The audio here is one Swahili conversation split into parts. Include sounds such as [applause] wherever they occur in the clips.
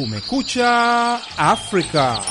Kumekucha Afrika.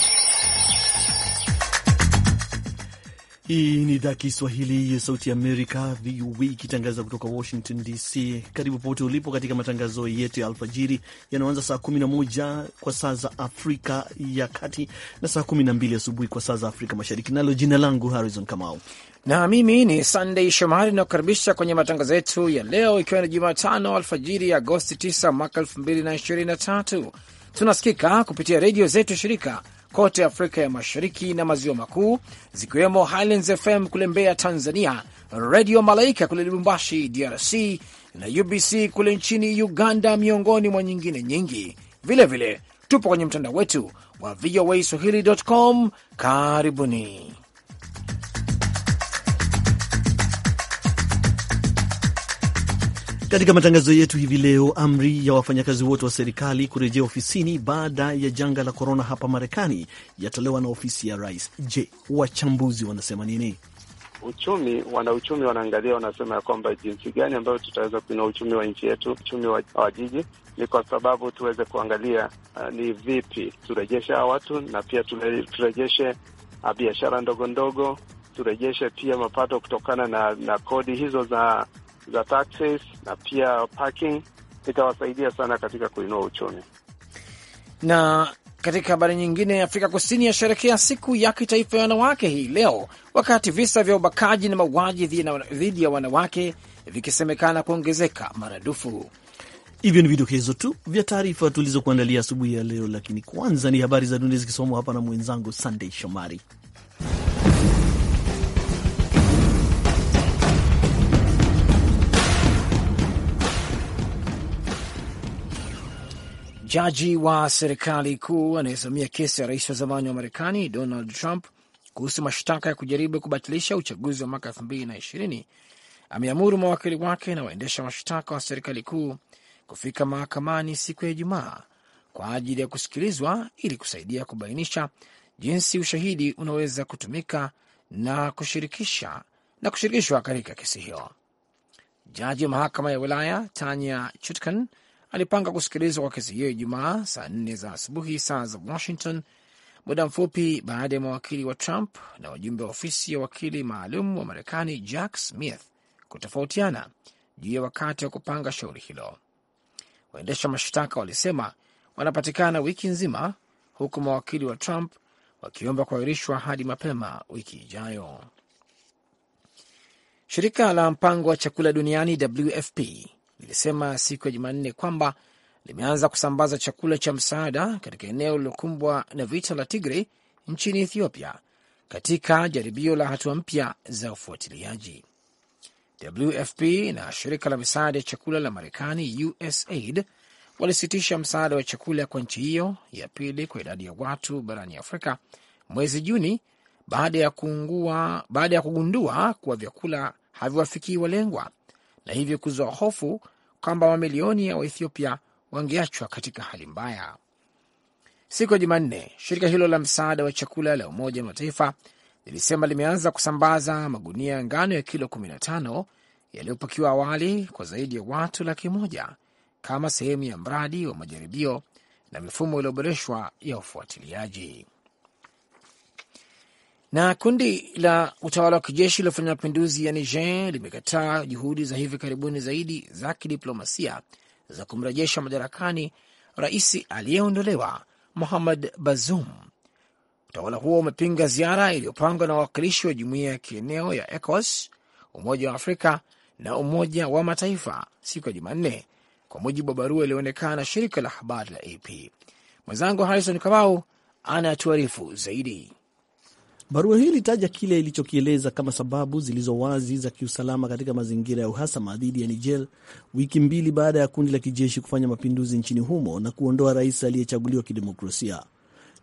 Hii ni idhaa Kiswahili ya Sauti ya Amerika, VOA, ikitangaza kutoka Washington DC. Karibu popote ulipo katika matangazo yetu ya alfajiri yanayoanza saa 11 kwa saa za Afrika ya Kati na saa 12 asubuhi kwa saa za Afrika Mashariki. Nalo jina langu Harrison Kamau na mimi ni Sunday Shomari, nakukaribisha kwenye matangazo yetu ya leo, ikiwa ni Jumatano alfajiri ya Agosti 9 mwaka 2023 Tunasikika kupitia redio zetu shirika kote Afrika ya Mashariki na Maziwa Makuu, zikiwemo Highlands FM kule Mbeya Tanzania, Redio Malaika kule Lubumbashi DRC na UBC kule nchini Uganda, miongoni mwa nyingine nyingi. Vilevile vile, tupo kwenye mtandao wetu wa VOA swahili.com. Karibuni. Katika matangazo yetu hivi leo, amri ya wafanyakazi wote wa serikali kurejea ofisini baada ya janga la korona hapa Marekani yatolewa na ofisi ya rais. Je, wachambuzi wanasema nini? Uchumi, wanauchumi wanaangalia, wanasema ya kwamba jinsi gani ambayo tutaweza kuinua uchumi wa nchi yetu, uchumi wa, wa jiji, ni kwa sababu tuweze kuangalia uh, ni vipi turejeshe hawa watu na pia turejeshe uh, biashara ndogo ndogo, turejeshe pia mapato kutokana na, na kodi hizo za za taxes na pia parking itawasaidia sana katika kuinua uchumi. Na katika habari nyingine, Afrika Kusini yasherekea siku ya kitaifa ya wanawake hii leo, wakati visa vya ubakaji na mauaji dhidi ya wanawake vikisemekana kuongezeka maradufu. Hivyo ni vidokezo tu vya taarifa tulizokuandalia asubuhi ya leo, lakini kwanza ni habari za dunia zikisomwa hapa na mwenzangu Sandey Shomari. Jaji wa serikali kuu anayesimamia kesi ya rais wa zamani wa Marekani Donald Trump kuhusu mashtaka ya kujaribu kubatilisha uchaguzi wa mwaka elfu mbili na ishirini ameamuru mawakili wake na waendesha mashtaka wa serikali kuu kufika mahakamani siku ya Ijumaa kwa ajili ya kusikilizwa ili kusaidia kubainisha jinsi ushahidi unaweza kutumika na kushirikisha na kushirikishwa katika kesi hiyo. Jaji wa mahakama ya wilaya Tanya Chutkan alipanga kusikilizwa kwa kesi hiyo Ijumaa saa nne za asubuhi saa za Washington, muda mfupi baada ya mawakili wa Trump na wajumbe wa ofisi ya wakili maalum wa Marekani Jack Smith kutofautiana juu ya wakati wa kupanga shauri hilo. Waendesha mashtaka walisema wanapatikana wiki nzima, huku mawakili wa Trump wakiomba kuahirishwa hadi mapema wiki ijayo. Shirika la mpango wa chakula duniani WFP lilisema siku ya Jumanne kwamba limeanza kusambaza chakula cha msaada katika eneo lilokumbwa na vita la Tigray nchini Ethiopia katika jaribio la hatua mpya za ufuatiliaji. WFP na shirika la misaada ya chakula la Marekani USAID walisitisha msaada wa chakula kwa nchi hiyo ya pili kwa idadi ya watu barani Afrika mwezi Juni baada ya, baada ya kugundua kuwa vyakula haviwafikii walengwa na hivyo kuzoa hofu kwamba mamilioni ya Waethiopia wangeachwa katika hali mbaya. Siku ya Jumanne, shirika hilo la msaada wa chakula la Umoja wa Mataifa lilisema limeanza kusambaza magunia ya ngano ya kilo 15 yaliyopakiwa awali kwa zaidi ya watu laki moja kama sehemu ya mradi wa majaribio na mifumo iliyoboreshwa ya ufuatiliaji. Na kundi la utawala wa kijeshi lilofanya mapinduzi ya Niger limekataa juhudi za hivi karibuni zaidi za kidiplomasia za kumrejesha madarakani rais aliyeondolewa muhamad Bazoum. Utawala huo umepinga ziara iliyopangwa na wawakilishi wa jumuiya ya kieneo ya ECOWAS, Umoja wa Afrika na Umoja wa Mataifa siku ya Jumanne, kwa mujibu wa barua iliyoonekana na shirika la habari la AP. Mwenzangu Harrison Kamau anatuarifu zaidi. Barua hii ilitaja kile ilichokieleza kama sababu zilizo wazi za kiusalama katika mazingira ya uhasama dhidi ya Niger, wiki mbili baada ya kundi la kijeshi kufanya mapinduzi nchini humo na kuondoa rais aliyechaguliwa kidemokrasia.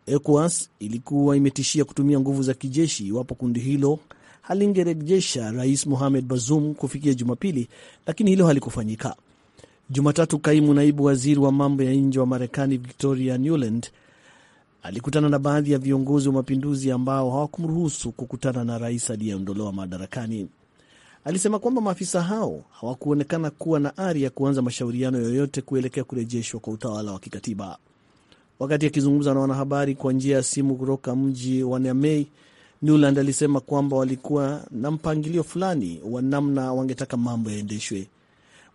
ECOWAS ilikuwa imetishia kutumia nguvu za kijeshi iwapo kundi hilo halingerejesha rais Mohamed Bazoum kufikia Jumapili, lakini hilo halikufanyika. Jumatatu, kaimu naibu waziri wa mambo ya nje wa Marekani Victoria Nuland alikutana na baadhi ya viongozi wa mapinduzi ambao hawakumruhusu kukutana na rais aliyeondolewa madarakani. Alisema kwamba maafisa hao hawakuonekana kuwa na ari ya kuanza mashauriano yoyote kuelekea kurejeshwa kwa utawala wa kikatiba. Wakati akizungumza na wanahabari kwa njia ya simu kutoka mji wa Niamey, Newland alisema kwamba walikuwa na mpangilio fulani wa namna wangetaka mambo yaendeshwe.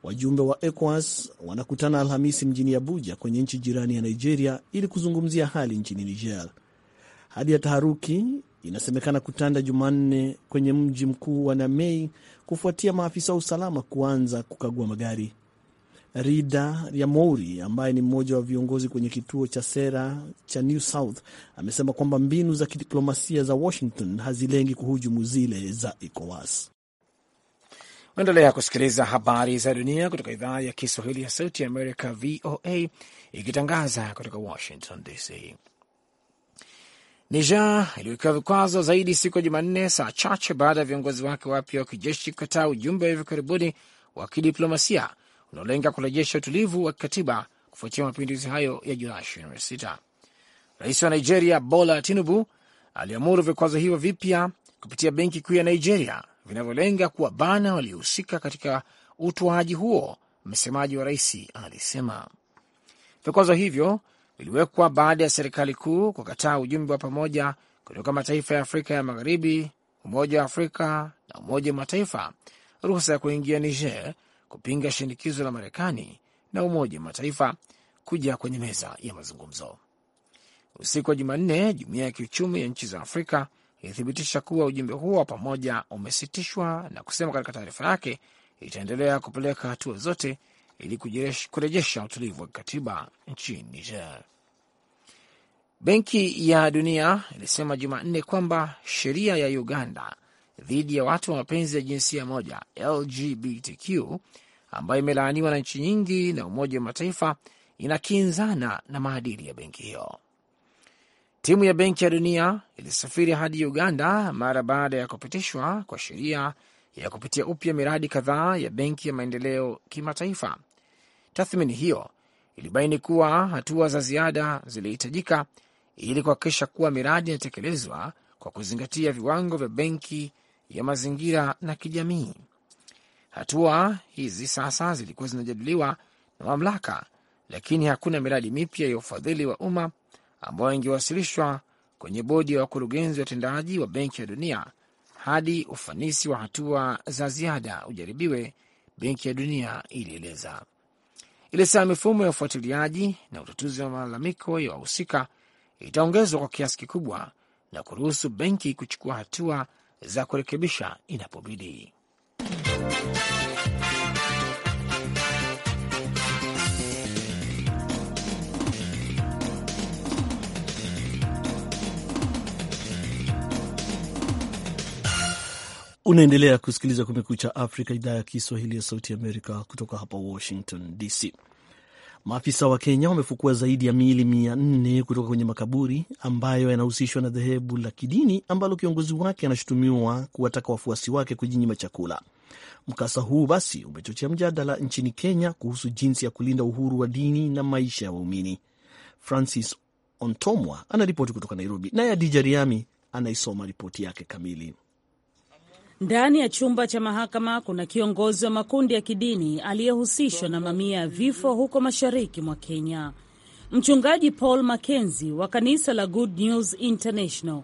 Wajumbe wa ECOWAS wanakutana Alhamisi mjini Abuja kwenye nchi jirani ya Nigeria ili kuzungumzia hali nchini Niger. Hali ya taharuki inasemekana kutanda Jumanne kwenye mji mkuu wa Niamey kufuatia maafisa wa usalama kuanza kukagua magari. Rida Mouri ambaye ni mmoja wa viongozi kwenye kituo cha sera cha New South amesema kwamba mbinu za kidiplomasia za Washington hazilengi kuhujumu zile za ECOWAS. Unaendelea kusikiliza habari za dunia kutoka idhaa ya Kiswahili ya Sauti ya Amerika, VOA, ikitangaza kutoka Washington DC. Niger iliwekewa vikwazo zaidi siku ya Jumanne, saa chache baada ya viongozi wake wapya wa kijeshi kukataa ujumbe wa hivi karibuni wa kidiplomasia unaolenga kurejesha utulivu wa kikatiba kufuatia mapinduzi hayo ya Julai 26. Rais wa Nigeria Bola Tinubu aliamuru vikwazo hivyo vipya kupitia benki kuu ya Nigeria vinavyolenga kuwabana waliohusika katika utoaji huo, msemaji wa rais alisema. Vikwazo hivyo viliwekwa baada ya serikali kuu kukataa ujumbe wa pamoja kutoka mataifa ya Afrika ya Magharibi, Umoja wa Afrika na Umoja wa Mataifa ruhusa ya kuingia Niger kupinga shinikizo la Marekani na Umoja wa Mataifa kuja kwenye meza ya mazungumzo. Usiku wa Jumanne, jumuiya ya kiuchumi ya nchi za Afrika ilithibitisha kuwa ujumbe huo wa pamoja umesitishwa na kusema katika taarifa yake itaendelea kupeleka hatua zote ili kurejesha utulivu wa kikatiba nchini Niger. Benki ya Dunia ilisema Jumanne kwamba sheria ya Uganda dhidi ya watu wa mapenzi ya jinsia moja LGBTQ, ambayo imelaaniwa na nchi nyingi na Umoja wa Mataifa, inakinzana na maadili ya benki hiyo. Timu ya Benki ya Dunia ilisafiri hadi Uganda mara baada ya kupitishwa kwa sheria ya kupitia upya miradi kadhaa ya Benki ya Maendeleo Kimataifa. Tathmini hiyo ilibaini kuwa hatua za ziada zilihitajika ili kuhakikisha kuwa miradi inatekelezwa kwa kuzingatia viwango vya benki ya mazingira na kijamii. Hatua hizi sasa zilikuwa zinajadiliwa na mamlaka, lakini hakuna miradi mipya ya ufadhili wa umma ambayo ingewasilishwa kwenye bodi ya wa wakurugenzi watendaji wa Benki ya Dunia hadi ufanisi wa hatua za ziada ujaribiwe, Benki ya Dunia ilieleza. Ilisema mifumo ya ufuatiliaji na utatuzi wa malalamiko ya wahusika itaongezwa kwa kiasi kikubwa na kuruhusu benki kuchukua hatua za kurekebisha inapobidi. Unaendelea kusikiliza Kumekucha Afrika, idhaa ya Kiswahili ya Sauti Amerika kutoka hapa Washington DC. Maafisa wa Kenya wamefukua zaidi ya miili mia nne kutoka kwenye makaburi ambayo yanahusishwa na dhehebu la kidini ambalo kiongozi wake anashutumiwa kuwataka wafuasi wake kujinyima chakula. Mkasa huu basi umechochea mjadala nchini Kenya kuhusu jinsi ya kulinda uhuru wa dini na maisha ya waumini. Francis Ontomwa anaripoti kutoka Nairobi, naye Adija Riami anaisoma ripoti yake kamili. Ndani ya chumba cha mahakama kuna kiongozi wa makundi ya kidini aliyehusishwa na mamia ya vifo huko mashariki mwa Kenya. Mchungaji Paul makenzi wa kanisa la Good News International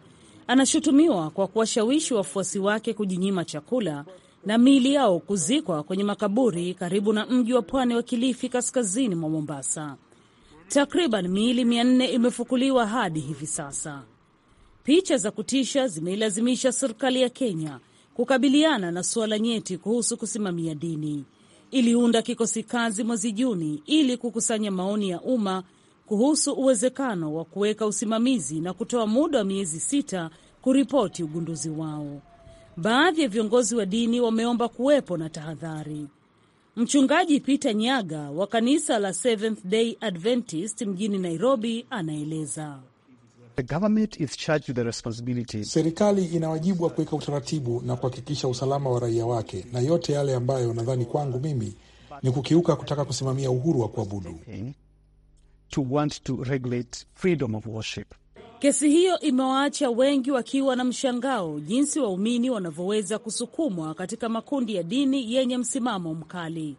anashutumiwa kwa kuwashawishi wafuasi wake kujinyima chakula na miili yao kuzikwa kwenye makaburi karibu na mji wa pwani wa Kilifi, kaskazini mwa Mombasa. Takriban miili 4 imefukuliwa hadi hivi sasa. Picha za kutisha zimeilazimisha serikali ya Kenya kukabiliana na suala nyeti kuhusu kusimamia dini. Iliunda kikosi kazi mwezi Juni ili kukusanya maoni ya umma kuhusu uwezekano wa kuweka usimamizi na kutoa muda wa miezi sita kuripoti ugunduzi wao. Baadhi ya viongozi wa dini wameomba kuwepo na tahadhari. Mchungaji Peter Nyaga wa kanisa la Seventh Day Adventist mjini Nairobi anaeleza. The government is charged with the responsibility. Serikali ina wajibu wa kuweka utaratibu na kuhakikisha usalama wa raia wake, na yote yale ambayo nadhani kwangu mimi ni kukiuka kutaka kusimamia uhuru wa kuabudu. To want to regulate freedom of worship. Kesi hiyo imewaacha wengi wakiwa na mshangao jinsi waumini wanavyoweza kusukumwa katika makundi ya dini yenye msimamo mkali.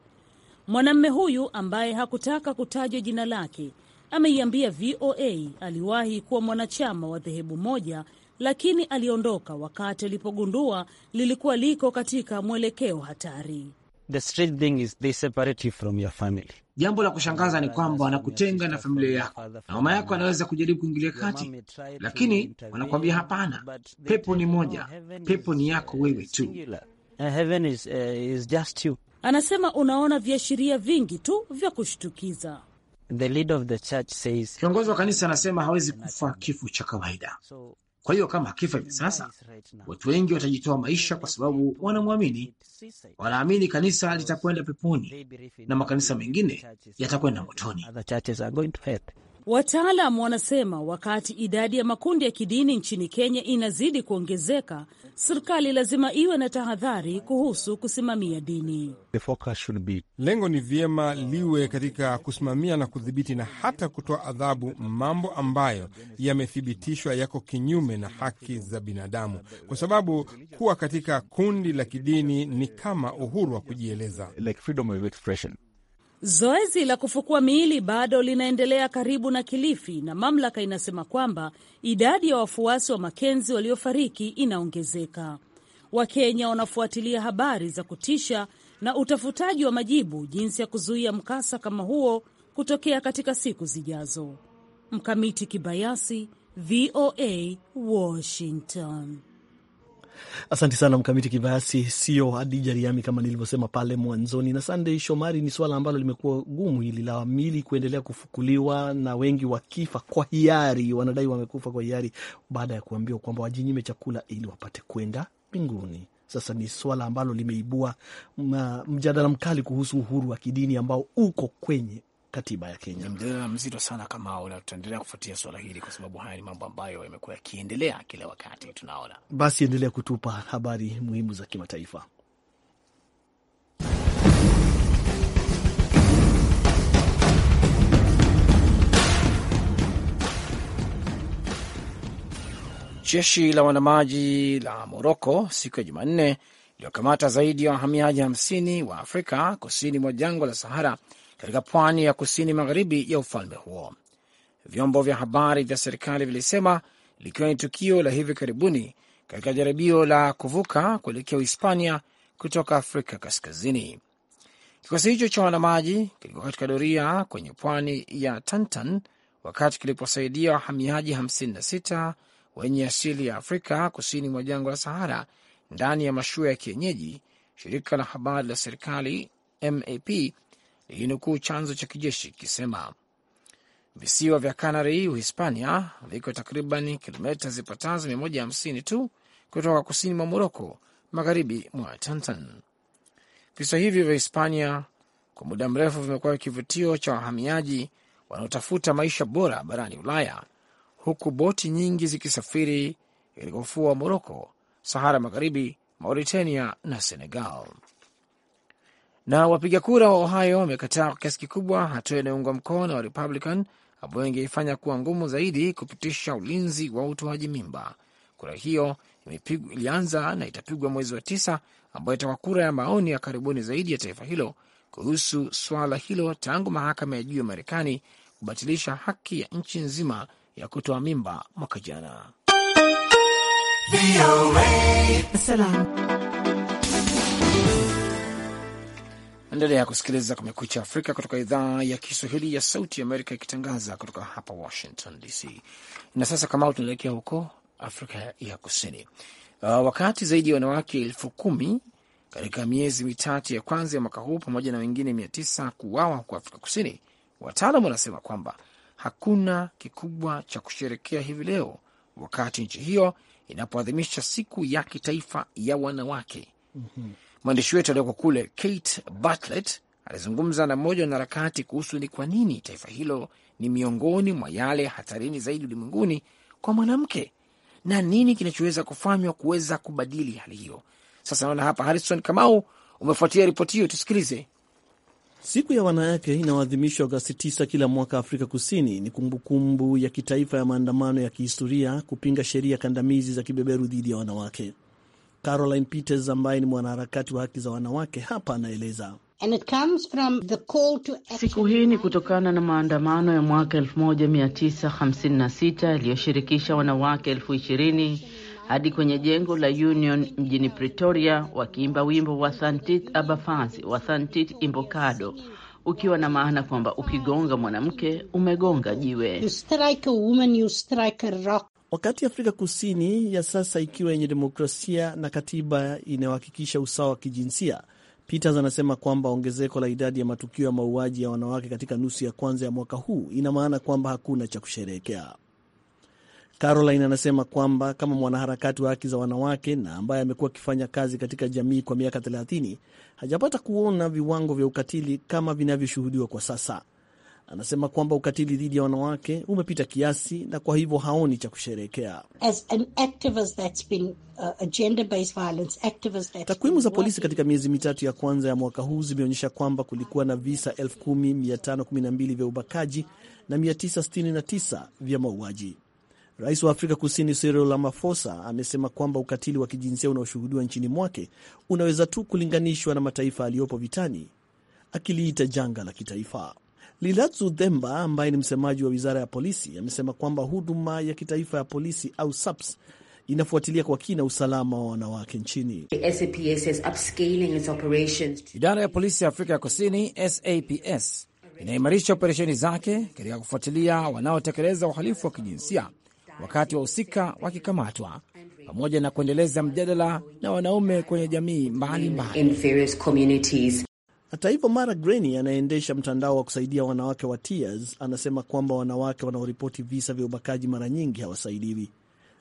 mwanamme huyu ambaye hakutaka kutajwa jina lake ameiambia VOA aliwahi kuwa mwanachama wa dhehebu moja lakini aliondoka wakati alipogundua lilikuwa liko katika mwelekeo hatari. The strange thing is they separate you from your family. Jambo la kushangaza ni kwamba wanakutenga na familia yako, na mama yako anaweza kujaribu kuingilia kati, lakini wanakuambia hapana, pepo ni moja, pepo ni yako uh, wewe tu. Uh, Anasema unaona viashiria vingi tu vya kushtukiza The leader of the church says, kiongozi wa kanisa anasema hawezi kufa kifo cha kawaida. Kwa hiyo kama akifa hivi sasa, watu wengi watajitoa maisha kwa sababu wanamwamini, wanaamini kanisa litakwenda peponi na makanisa mengine yatakwenda motoni. Wataalam wanasema wakati idadi ya makundi ya kidini nchini Kenya inazidi kuongezeka, serikali lazima iwe na tahadhari kuhusu kusimamia dini. Lengo ni vyema liwe katika kusimamia na kudhibiti na hata kutoa adhabu mambo ambayo yamethibitishwa yako kinyume na haki za binadamu, kwa sababu kuwa katika kundi la kidini ni kama uhuru wa kujieleza, like Zoezi la kufukua miili bado linaendelea karibu na Kilifi na mamlaka inasema kwamba idadi ya wafuasi wa Makenzi waliofariki inaongezeka. Wakenya wanafuatilia habari za kutisha na utafutaji wa majibu jinsi ya kuzuia mkasa kama huo kutokea katika siku zijazo. Mkamiti Kibayasi, VOA, Washington. Asante sana Mkamiti Kibayasi, sio Hadija Riami kama nilivyosema pale mwanzoni, na Sandey Shomari. Ni suala ambalo limekuwa gumu hili la mili kuendelea kufukuliwa na wengi wakifa kwa hiari, wanadai wamekufa kwa hiari baada ya kuambiwa kwamba wajinyime chakula ili wapate kwenda mbinguni. Sasa ni swala ambalo limeibua mjadala mkali kuhusu uhuru wa kidini ambao uko kwenye katiba ya Kenya. Mjadala mzito sana kama na tutaendelea kufuatia swala hili, kwa sababu haya ni mambo ambayo yamekuwa yakiendelea kila wakati tunaona. Basi endelea kutupa habari muhimu za kimataifa. Jeshi la wanamaji la Moroko siku ya Jumanne iliyokamata zaidi ya wahamiaji 50 wa Afrika kusini mwa jangwa la Sahara katika pwani ya kusini magharibi ya ufalme huo, vyombo vya habari vya serikali vilisema, likiwa ni tukio la hivi karibuni katika jaribio la kuvuka kuelekea Uhispania kutoka Afrika Kaskazini. Kikosi hicho cha wanamaji kilikuwa katika doria kwenye pwani ya Tantan wakati kiliposaidia wahamiaji 56 wenye asili ya Afrika kusini mwa jangwa la Sahara ndani ya mashua ya kienyeji, shirika la habari la serikali MAP lilinukuu chanzo cha kijeshi kisema visiwa vya Canary, Uhispania, viko takriban kilomita zipatazo 150 tu kutoka kusini mwa Moroko, magharibi mwa Tantan. Visiwa hivyo vya Hispania kwa muda mrefu vimekuwa kivutio cha wahamiaji wanaotafuta maisha bora barani Ulaya, huku boti nyingi zikisafiri katika ufuo wa Moroko, Sahara Magharibi, Mauritania na Senegal. Na wapiga kura wa Ohio wamekataa kwa kiasi kikubwa hatua inayoungwa mkono na Warepublican ambayo ingeifanya kuwa ngumu zaidi kupitisha ulinzi wa utoaji mimba. Kura hiyo ilianza na itapigwa mwezi wa tisa, ambayo itakuwa kura ya maoni ya karibuni zaidi ya taifa hilo kuhusu swala hilo tangu mahakama ya juu ya Marekani kubatilisha haki ya nchi nzima ya kutoa mimba mwaka jana. Endelea kusikiliza Kumekucha Afrika kutoka idhaa ya Kiswahili ya Sauti Amerika ikitangaza kutoka hapa Washington DC. Na sasa Kamau, tunaelekea huko Afrika ya Kusini. Uh, wakati zaidi ya wanawake elfu kumi katika miezi mitatu ya kwanza ya mwaka huu pamoja na wengine mia tisa kuuawa huko Afrika Kusini, wataalam wanasema kwamba hakuna kikubwa cha kusherekea hivi leo wakati nchi hiyo inapoadhimisha siku ya kitaifa ya wanawake. mm -hmm. Mwandishi wetu aliyoko kule Kate Bartlett alizungumza na mmoja wanaharakati kuhusu ni kwa nini taifa hilo ni miongoni mwa yale hatarini zaidi ulimwenguni kwa mwanamke na nini kinachoweza kufanywa kuweza kubadili hali hiyo. Sasa naona hapa Harrison Kamau umefuatia ripoti hiyo, tusikilize. Siku ya wanawake inayoadhimishwa Agosti 9 kila mwaka Afrika Kusini ni kumbukumbu ya kitaifa ya maandamano ya kihistoria kupinga sheria kandamizi za kibeberu dhidi ya wanawake. Caroline Peters ambaye ni mwanaharakati wa haki za wanawake hapa anaeleza. And it comes from the call to action. Siku hii ni kutokana na maandamano ya mwaka 1956 yaliyoshirikisha wanawake elfu ishirini hadi kwenye jengo la Union mjini Pretoria wakiimba wimbo wa Thantit Abafazi wa Thantit Imbokado ukiwa na maana kwamba ukigonga mwanamke umegonga jiwe. You strike a woman, you strike a rock. Wakati Afrika Kusini ya sasa ikiwa yenye demokrasia na katiba inayohakikisha usawa wa kijinsia, Peters anasema kwamba ongezeko la idadi ya matukio ya mauaji ya wanawake katika nusu ya kwanza ya mwaka huu ina maana kwamba hakuna cha kusherehekea. Caroline anasema kwamba kama mwanaharakati wa haki za wanawake na ambaye amekuwa akifanya kazi katika jamii kwa miaka 30 hajapata kuona viwango vya ukatili kama vinavyoshuhudiwa kwa sasa. Anasema kwamba ukatili dhidi ya wanawake umepita kiasi na kwa hivyo haoni cha kusherehekea. Uh, Takwimu za polisi katika miezi mitatu ya kwanza ya mwaka huu zimeonyesha kwamba kulikuwa na visa 10512 vya ubakaji na 969 vya mauaji. Rais wa Afrika Kusini Cyril Ramaphosa amesema kwamba ukatili wa kijinsia unaoshuhudiwa nchini mwake unaweza tu kulinganishwa na mataifa aliyopo vitani, akiliita janga la kitaifa. Lilatzu Themba ambaye ni msemaji wa wizara ya polisi amesema kwamba huduma ya kitaifa ya polisi au SAPS inafuatilia kwa kina usalama wa wanawake nchini. Idara ya polisi ya Afrika ya Kusini SAPS inaimarisha operesheni zake katika kufuatilia wanaotekeleza uhalifu wa kijinsia wakati wahusika wakikamatwa, pamoja na kuendeleza mjadala na wanaume kwenye jamii mbalimbali mbali. Hata hivyo, Mara Greni anayeendesha mtandao wa kusaidia wanawake wa Tears anasema kwamba wanawake wanaoripoti visa vya ubakaji mara nyingi hawasaidiwi.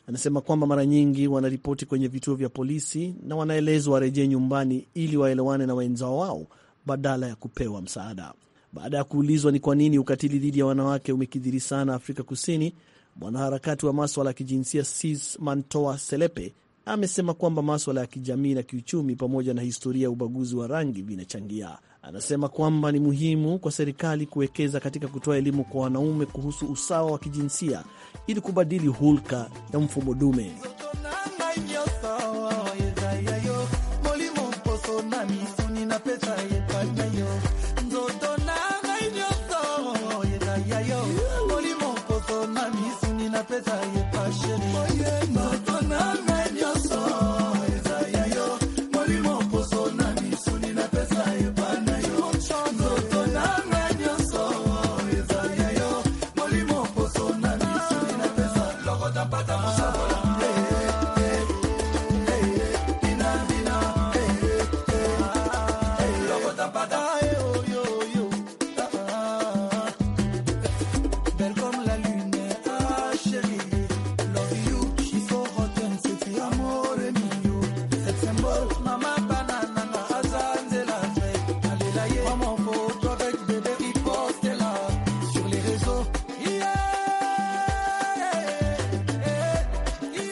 Anasema kwamba mara nyingi wanaripoti kwenye vituo vya polisi na wanaelezwa warejee nyumbani ili waelewane na wenzao wao badala ya kupewa msaada. Baada ya kuulizwa ni kwa nini ukatili dhidi ya wanawake umekidhiri sana Afrika Kusini, mwanaharakati wa maswala ya kijinsia Sis Mantoa Selepe amesema kwamba maswala ya kijamii na kiuchumi pamoja na historia ya ubaguzi wa rangi vinachangia. Anasema kwamba ni muhimu kwa serikali kuwekeza katika kutoa elimu kwa wanaume kuhusu usawa wa kijinsia ili kubadili hulka ya mfumo dume.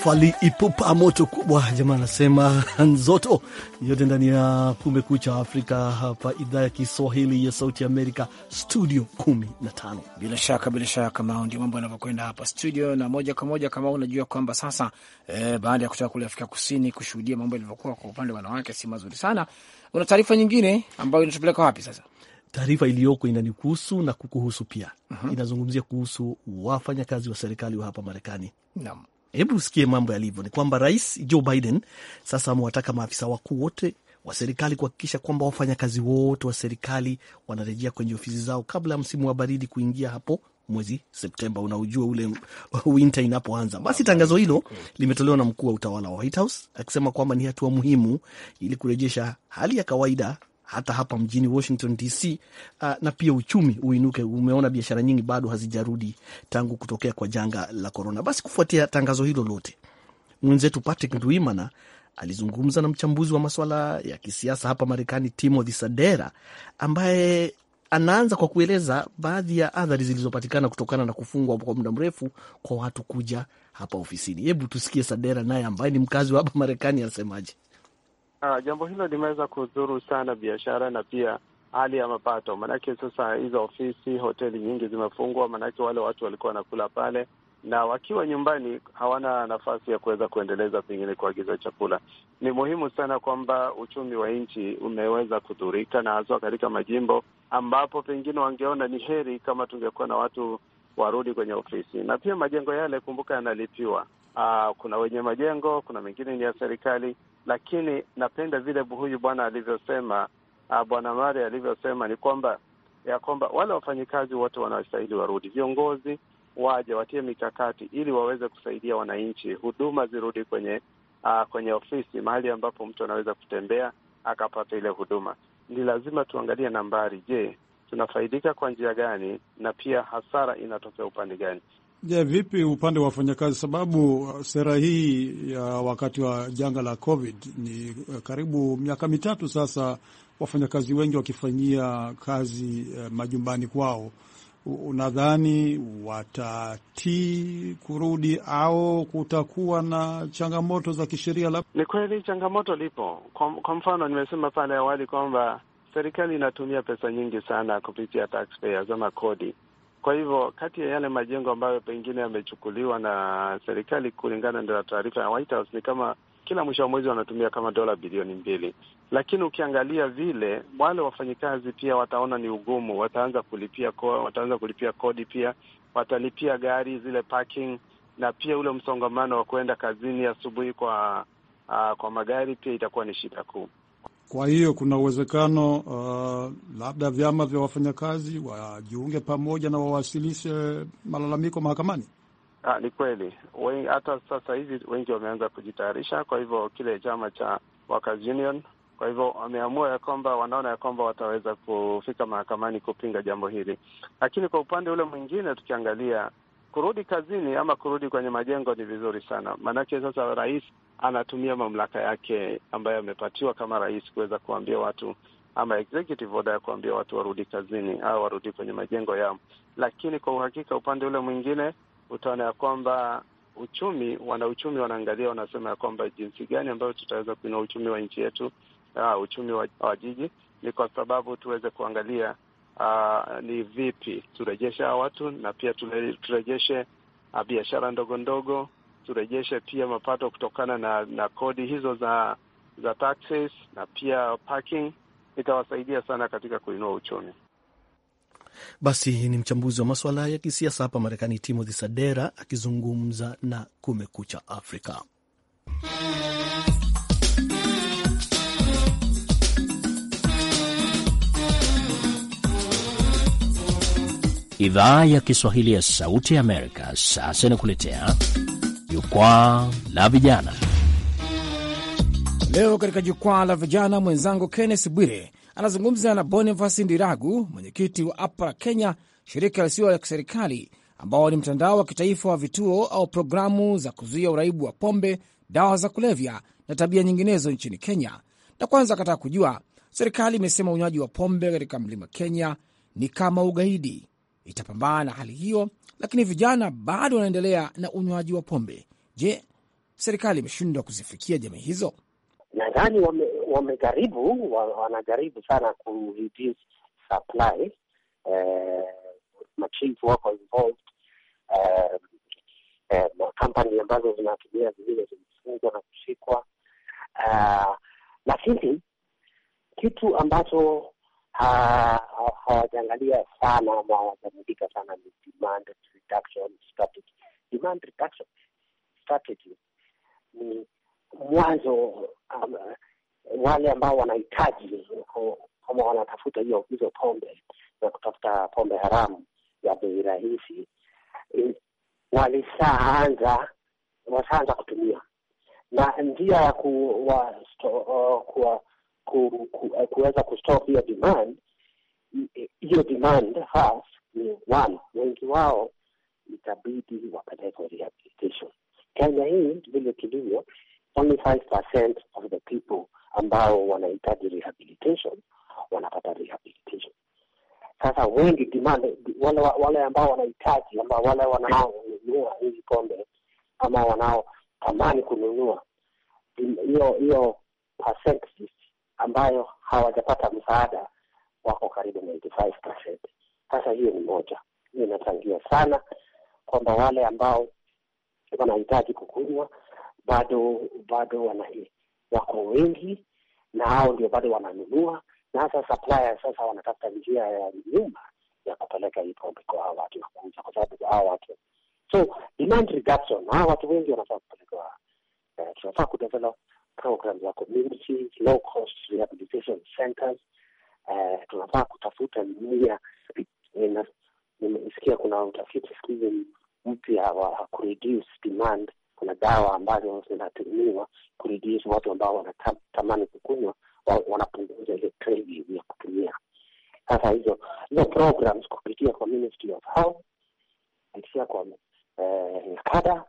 Fali ipupa moto kubwa, jamaa anasema [laughs] nzoto yote ndani ya Kumekucha Afrika hapa idhaa ya Kiswahili ya Sauti ya Amerika, studio 15. Bila shaka bila shaka, kama ndio mambo yanavyokwenda hapa studio na moja kwa moja, kama unajua kwamba sasa eh, baada ya kutoka kule Afrika Kusini kushuhudia mambo yalivyokuwa kwa upande wa wanawake si mazuri sana, una taarifa nyingine ambayo inatupeleka wapi sasa? Taarifa iliyoko inanikuhusu na kukuhusu pia. uh mhm. -huh. Inazungumzia kuhusu wafanyakazi wa serikali wa hapa Marekani. Naam. Hebu usikie mambo yalivyo. Ni kwamba Rais Joe Biden sasa amewataka maafisa wakuu wote wa serikali kuhakikisha kwamba wafanyakazi wote wa serikali wanarejea kwenye ofisi zao kabla ya msimu wa baridi kuingia hapo mwezi Septemba unaujua ule [laughs] winter inapoanza. Basi tangazo hilo limetolewa na mkuu wa utawala wa White House akisema kwamba ni hatua muhimu ili kurejesha hali ya kawaida hata hapa mjini Washington DC uh, ah, na pia uchumi uinuke. Umeona biashara nyingi bado hazijarudi tangu kutokea kwa janga la korona. Basi kufuatia tangazo hilo lote, mwenzetu Patrick Ndwimana alizungumza na mchambuzi wa maswala ya kisiasa hapa Marekani, Timothy Sadera, ambaye anaanza kwa kueleza baadhi ya athari zilizopatikana kutokana na kufungwa kwa muda mrefu kwa watu kuja hapa ofisini. Hebu tusikie Sadera naye ambaye ni mkazi wa hapa Marekani anasemaje. Uh, jambo hilo limeweza kudhuru sana biashara na pia hali ya mapato, maanake sasa hizo ofisi, hoteli nyingi zimefungwa, maanake wale watu walikuwa wanakula pale na wakiwa nyumbani hawana nafasi ya kuweza kuendeleza pengine kuagiza chakula. Ni muhimu sana kwamba uchumi wa nchi umeweza kudhurika, na haswa katika majimbo ambapo pengine wangeona ni heri kama tungekuwa na watu warudi kwenye ofisi. Na pia majengo yale, kumbuka, yanalipiwa. Aa, ah, kuna wenye majengo, kuna mengine ni ya serikali lakini napenda vile huyu bwana alivyosema, ah, bwana mari alivyosema ni kwamba ya kwamba wale wafanyikazi wote wanaostahili warudi, viongozi waje watie mikakati ili waweze kusaidia wananchi, huduma zirudi kwenye uh, kwenye ofisi, mahali ambapo mtu anaweza kutembea akapata ile huduma. Ni lazima tuangalie nambari. Je, tunafaidika kwa njia gani? Na pia hasara inatokea upande gani? Je, vipi upande wa wafanyakazi? Sababu uh, sera hii ya wakati wa janga la COVID ni uh, karibu miaka mitatu sasa, wafanyakazi wengi wakifanyia kazi uh, majumbani kwao. Unadhani watatii kurudi au kutakuwa na changamoto za kisheria? Labda ni kweli changamoto lipo. Kwa, kwa mfano nimesema pale awali kwamba serikali inatumia pesa nyingi sana kupitia taxpayers ama kodi kwa hivyo kati ya yale majengo ambayo pengine yamechukuliwa na serikali kulingana na taarifa ya White House, ni kama kila mwisho wa mwezi wanatumia kama dola bilioni mbili, lakini ukiangalia vile wale wafanyikazi pia wataona ni ugumu, wataanza kulipia ko, wataanza kulipia kodi pia, watalipia gari zile parking, na pia ule msongamano wa kwenda kazini asubuhi kwa uh, kwa magari pia itakuwa ni shida kuu. Kwa hiyo kuna uwezekano uh, labda vyama vya wafanyakazi wajiunge pamoja na wawasilishe malalamiko mahakamani. Ha, ah, ni kweli hata sasa hivi wengi wameanza kujitayarisha. Kwa hivyo kile chama cha Workers Union, kwa hivyo wameamua ya kwamba wanaona ya kwamba wataweza kufika mahakamani kupinga jambo hili, lakini kwa upande ule mwingine tukiangalia kurudi kazini ama kurudi kwenye majengo ni vizuri sana, maanake sasa rais anatumia mamlaka yake ambayo amepatiwa kama rais kuweza kuambia watu ama executive order ya kuambia watu warudi kazini au warudi kwenye majengo yao. Lakini kwa uhakika, upande ule mwingine utaona ya kwamba uchumi, wanauchumi wanaangalia, wanasema ya kwamba jinsi gani ambayo tutaweza kuinua uchumi wa nchi yetu, uh, uchumi wa, wa jiji, ni kwa sababu tuweze kuangalia uh, ni vipi turejeshe hawa watu na pia turejeshe ah, biashara ndogo ndogo turejeshe pia mapato kutokana na, na kodi hizo za za taxes na pia parking, itawasaidia sana katika kuinua uchumi. Basi ni mchambuzi wa maswala ya kisiasa hapa Marekani, Timothy Sadera akizungumza na Kumekucha Afrika. Idhaa ya Kiswahili ya Sauti ya Amerika sasa inakuletea jukwaa la vijana. Leo katika jukwaa la vijana, mwenzangu Kennes Bwire anazungumza na Boniface Ndiragu, mwenyekiti wa APRA Kenya, shirika lisilo la kiserikali ambao ni mtandao wa kitaifa wa vituo au programu za kuzuia uraibu wa pombe, dawa za kulevya na tabia nyinginezo nchini Kenya. Na kwanza akataka kujua serikali imesema unywaji wa pombe katika mlima Kenya ni kama ugaidi, itapambana na hali hiyo lakini vijana bado wanaendelea na unywaji wa pombe. Je, serikali imeshindwa kuzifikia jamii hizo? Nadhani wamejaribu, wame wanajaribu sana ku reduce supply eh, machifu wako involved eh, eh, ambazo zinatumia zingine zimefungwa na kushikwa, ah, lakini kitu ambacho hawajaangalia sana ama hawajamulika sana ni demand reduction strategy. Demand reduction strategy ni mwanzo um, wale ambao wanahitaji kama wanatafuta hiyo hizo pombe na kutafuta pombe haramu ya bei rahisi walishaanza washaanza kutumia na njia ya kuwa, uh, kuwa ku, ku, uh, kuweza kustop hiyo demand. Hiyo demand has ni one, wengi wao itabidi wapelekwe rehabilitation. Kenya hii vile tulivyo, only five percent of the people ambao wanahitaji rehabilitation wanapata rehabilitation. Sasa wengi demand, wale, wale ambao wanahitaji ama wale wanaonunua hizi pombe ama wanaotamani kununua hiyo hiyo percent ambayo hawajapata msaada wako karibu 95%. Sasa hiyo ni moja, hiyo inachangia sana kwamba wale ambao wanahitaji kukunywa bado bado wanahi, wako wengi, na hao ndio bado wananunua, na hasa supplier sasa wanatafuta njia ya nyuma ya kupeleka hii pombe kwa hao watu na kuuza, kwa sababu hao watu so demand reduction, hao watu wengi wanafaa kupelekwa, eh, tunafaa kudevelop program za community low cost rehabilitation centers. Uh, tunafaa kutafuta njia. Nimesikia kuna utafiti siku hizi mpya wa kureduce demand. Kuna dawa ambazo zinatumiwa kureduce watu ambao wanatamani kukunywa, wanapunguza ile craving ya kutumia. Sasa hizo hizo programs kupitia kwa Ministry of Health, kupitia kwa eh, NACADA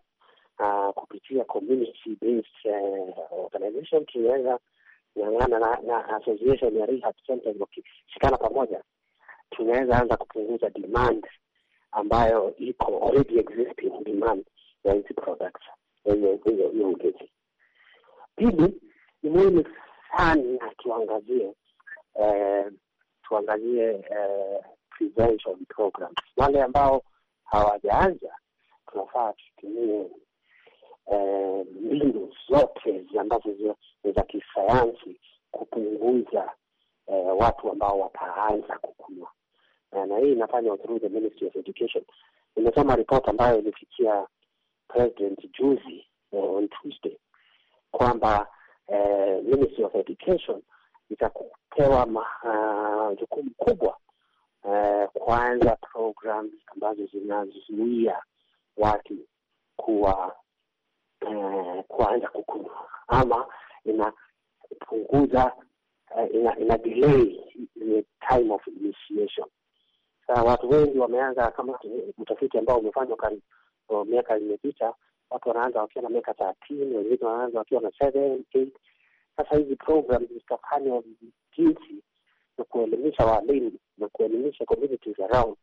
uh, kupitia community based uh, organization tuliweza kuungana na, na association ya rehab centers wakishikana pamoja, tunaweza anza kupunguza demand ambayo iko already existing demand ya hizi products hiyo ugezi. Pili, ni muhimu sana tuangazie eh, tuangazie eh, prevention programs. Wale ambao hawajaanza tunafaa tutumie Eh, mbinu zote ambazo za kisayansi kupunguza eh, watu ambao wataanza kukunywa na, na hii inafanywa through the Ministry of Education. Imesoma ripoti ambayo ilifikia president juzi eh, on Tuesday kwamba eh, Ministry of Education itapewa uh, ah, jukumu kubwa eh, kuanza programs ambazo zinazuia watu kuwa kuanza kukunywa ama inapunguza uh, ina, delay time of initiation. Sasa watu wengi wameanza, kama utafiti ambao umefanywa kari oh, miaka imepita, watu wanaanza wakiwa na miaka thelathini, wengine wanaanza wakiwa na seven eight. Sasa hizi program zitafanywa jinsi na kuelimisha walimu na kuelimisha communities around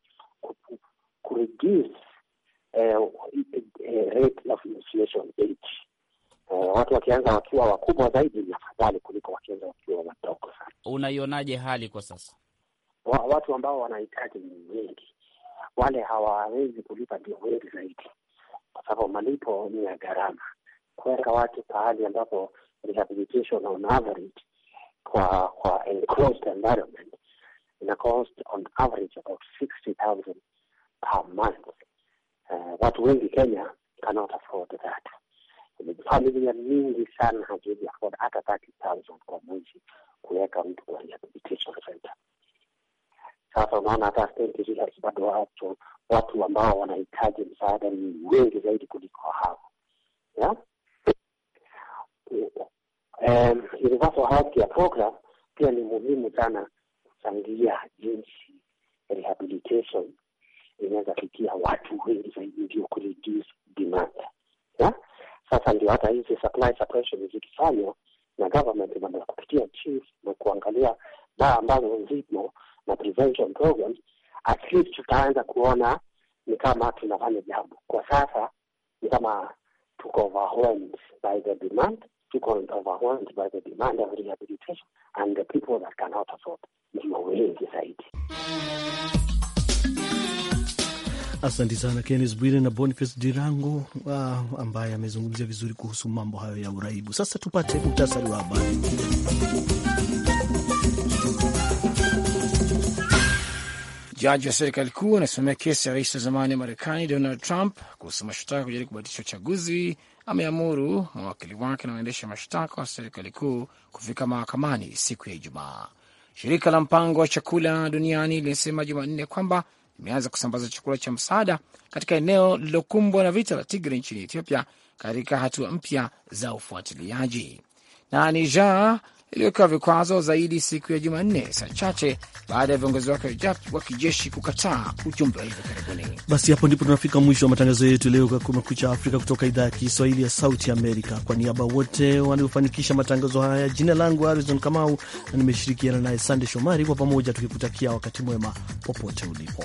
Eh, rate of inflation eh, Watu wakianza wakiwa wakubwa zaidi ni afadhali kuliko wakianza wakiwa wadogo sana. Unaionaje hali kwa sasa? Wa, watu ambao wanahitaji ni wengi, wale hawawezi kulipa ndio wengi zaidi, kwa sababu malipo ni ya gharama. Kuweka watu pahali ambapo rehabilitation on average kwa kwa enclosed environment ina cost on average about 60,000 per month uh, watu wengi Kenya cannot afford that. Familia mingi sana haziwezi afford hata 30,000 kwa mwezi kuweka mtu kwenye rehabilitation center. Sasa unaona hata senti zile bado watu watu ambao wanahitaji msaada ni wengi zaidi kuliko hao yeah? Um, universal health program pia ni muhimu sana kuchangia jinsi rehabilitation inaweza fikia watu wengi zaidi, ndio ku reduce demand. Sasa ndio hata hizi supply suppression zikifanywa na government kupitia chief na kuangalia baa ambazo zipo na prevention programs, at least tutaanza kuona ni kama tunafanya jambo. Kwa sasa ni kama tuko overwhelmed by the demand, tuko overwhelmed by the demand of rehabilitation and the people that cannot afford, ndio wengi zaidi asanti sana Kennes Bwire na Boniface Dirango uh, ambaye amezungumzia vizuri kuhusu mambo hayo ya uraibu. Sasa tupate muhtasari wa habari. Jaji wa serikali kuu anasimamia kesi ya rais wa zamani wa Marekani Donald Trump kuhusu mashtaka kujaribu kubatilisha uchaguzi ameamuru mawakili wake na waendesha mashtaka wa serikali kuu kufika mahakamani siku ya Ijumaa. Shirika la mpango wa chakula duniani linasema Jumanne kwamba imeanza kusambaza chakula cha msaada katika eneo lililokumbwa na vita la Tigre nchini Ethiopia katika hatua mpya za ufuatiliaji. Na Niger iliwekewa vikwazo zaidi siku ya Jumanne, saa chache baada ya viongozi wake wa kijeshi kukataa ujumbe wa hivi karibuni. Basi hapo ndipo tunafika mwisho wa matangazo yetu leo kwa Kumekucha Afrika kutoka idhaa ya Kiswahili ya Sauti Amerika. Kwa niaba wote wanaofanikisha matangazo haya, jina langu Harizon Kamau na nimeshirikiana naye Sande Shomari, kwa pamoja tukikutakia wakati mwema popote ulipo.